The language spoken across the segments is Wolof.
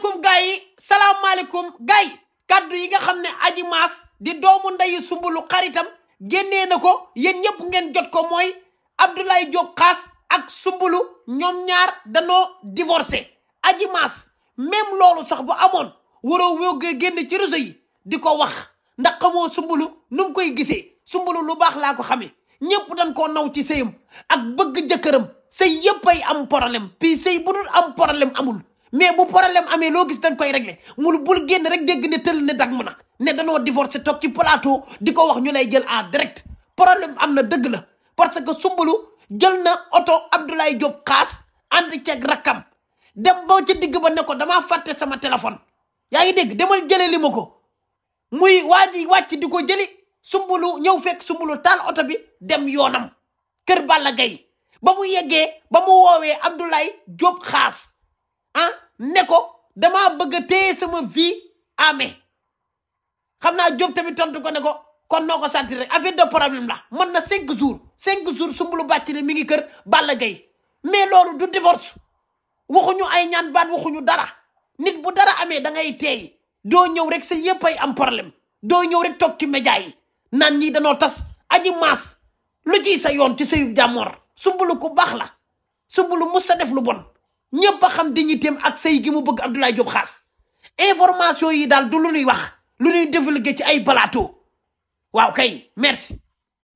salaamaaleykum gars yi salaamaaleykum gars yi kaddu yi nga xam ne aji maas di doomu ndeyu sumbulu xaritam génne na ko yéen ñëpp ngeen jot ko mooy Abdoulaye Diop xaas ak sumbulu ñoom ñaar danoo divorcé aji maas même loolu sax bu amoon waroo woo génn ci réseau di ko wax ndax xamoo sumbulu num koy gisee sumbulu lu baax laa ko xamee ñëpp dañ koo naw ci sëyam ak bëgg jëkkëram sëy yëpp ay am problème puis sëy bu dul am problème amul mais bu problème amee loo gis dañ koy régler mul bul génn rek dégg ne tël ne dag mu na ne danoo divorcé toog ci plateau di ko wax ñu lay jël en direct problème am na dëgg la parce que Soumboulou jël na oto Abdoulaye Diop xaas ànd ceeg rakkam dem boo ci digg ba ne ko damaa fàtte sama téléphone yaa ngi dégg demal jëlee li ma ko muy waa ji wàcc di ko jëli Soumboulou ñëw fekk Soumboulou taal oto bi dem yoonam kër Balla Gaye ba mu yeggee ba mu woowee Abdoulaye Diop xaas ne ko damaa bëgg a sama vie amee xam naa Diop tamit tontu ko ne ko kon noo ko sentir rek affaire de problème la mën na cinq jours cinq jours sumbulu bàcc ne mi ngi kër Balla Gaye mais loolu du divorce waxuñu ay ñaan baat waxuñu dara nit bu dara amee da ngay teey doo ñëw rek sa yëpp ay am problème doo ñëw rek toog ci média yi naan ñii danoo tas aji maas lu ciy sa yoon ci sëyub jàmmoor sumbulu ku baax la sumbulu mus sa def lu bon ñëpp xam xam dignitéem ak sëy gi mu bëgg Abdoulaye Diop xaas information yi daal du lu ñuy wax lu ñuy développé ci ay plateau waaw kay merci.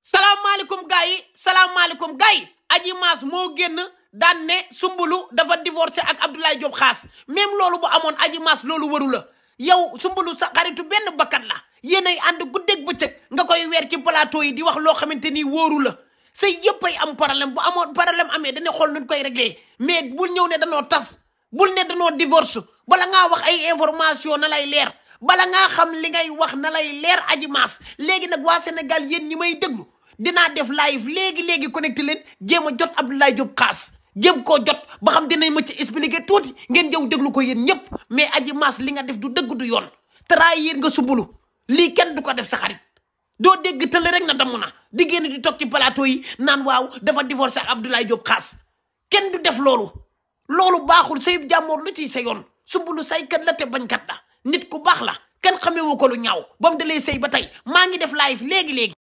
salaamaaleykum gars yi salaamaaleykum gars yi aji maas moo génn daan ne Soumboulou dafa divorcé ak Abdoulaye Diop xaas même loolu bu amoon aji Mass loolu waru la yow Soumboulou sa xaritu benn bakkat la yéen ay ànd guddeeg bëccëg nga koy weer ci plateau yi di wax loo xamante ni wóoru la. sëy yëpp ay am problème bu amoon problème amee dana xool nuñ koy réglé mais bul ñëw ne danoo tas bul ne danoo divorce bala ngaa wax ay information na lay leer bala ngaa xam li ngay wax na lay leer aji maas léegi nag waa Sénégal yéen ñi may déglu dinaa def live léegi léegi connecté leen jéem a jot Abdoulaye Diop Khass jéem koo jot ba xam dinañ ma ci expliquer tuuti ngeen jëw déglu ko yéen ñëpp mais aji maas li nga def du dëgg du yoon trahir nga subulu lii kenn du ko def sa xarit doo dégg tële rek na damm na di génn di toog ci yi naan waaw dafa divorcé ak Abdoulaye Diop xaas kenn du def loolu loolu baaxul sayub jàmmoor lu ciy sa yoon sumbulu saykat la te bañkat la nit ku baax la kenn xamewoo ko lu ñaaw ba mu lay sëy ba tey maa ngi def live léegi léegi.